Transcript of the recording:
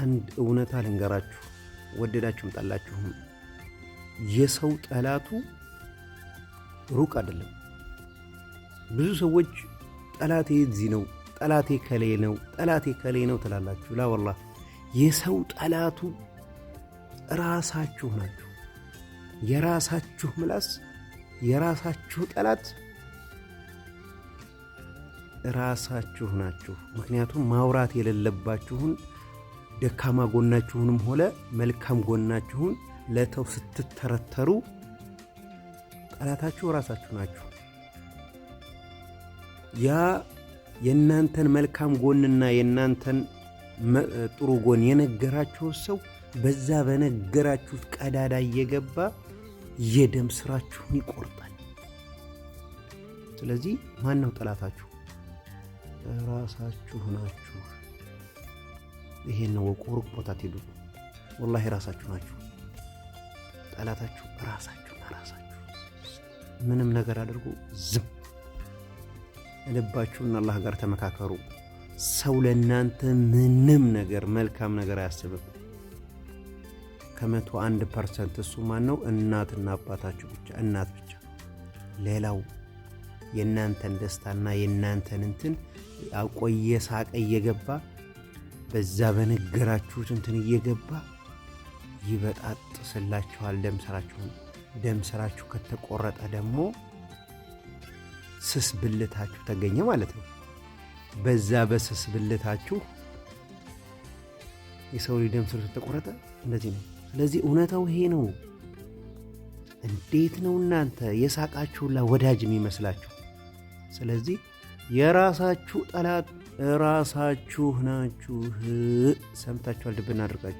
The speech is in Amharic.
አንድ እውነታ ልንገራችሁ፣ ወደዳችሁም ጠላችሁም የሰው ጠላቱ ሩቅ አይደለም። ብዙ ሰዎች ጠላቴ እዚህ ነው፣ ጠላቴ ከሌ ነው፣ ጠላቴ ከሌ ነው ትላላችሁ። ላ የሰው ጠላቱ ራሳችሁ ናችሁ። የራሳችሁ ምላስ፣ የራሳችሁ ጠላት ራሳችሁ ናችሁ። ምክንያቱም ማውራት የሌለባችሁን ደካማ ጎናችሁንም ሆነ መልካም ጎናችሁን ለተው ስትተረተሩ ጠላታችሁ ራሳችሁ ናችሁ። ያ የእናንተን መልካም ጎንና የእናንተን ጥሩ ጎን የነገራችሁ ሰው በዛ በነገራችሁት ቀዳዳ እየገባ የደም ስራችሁን ይቆርጣል። ስለዚህ ነው ጠላታችሁ? ራሳችሁ ናችሁ። ይሄን ወቁ። ሩቅ ቦታ ትሄዱ ወላሂ ራሳችሁ ናችሁ ጠላታችሁ። ራሳችሁና ራሳችሁ ምንም ነገር አድርጉ ዝም ልባችሁን አላህ ጋር ተመካከሩ። ሰው ለእናንተ ምንም ነገር መልካም ነገር አያስብም። ከመቶ አንድ ፐርሰንት እሱ ማን ነው? እናትና አባታችሁ ብቻ እናት ብቻ። ሌላው የእናንተን ደስታና የእናንተን እንትን አቆየ ሳቀ እየገባ በዛ በነገራችሁት እንትን እየገባ ይበጣጥስላችኋል። ደም ስራችሁን ደም ስራችሁ ከተቆረጠ ደግሞ ስስ ብልታችሁ ተገኘ ማለት ነው። በዛ በስስ ብልታችሁ የሰው ልጅ ደም ስሩ ተቆረጠ እንደዚህ ነው። ስለዚህ እውነታው ይሄ ነው። እንዴት ነው እናንተ የሳቃችሁላ ወዳጅ የሚመስላችሁ? ስለዚህ የራሳችሁ ጠላት ራሳችሁ ናችሁ። ሰምታችኋል። ልብ እናድርጋችሁ።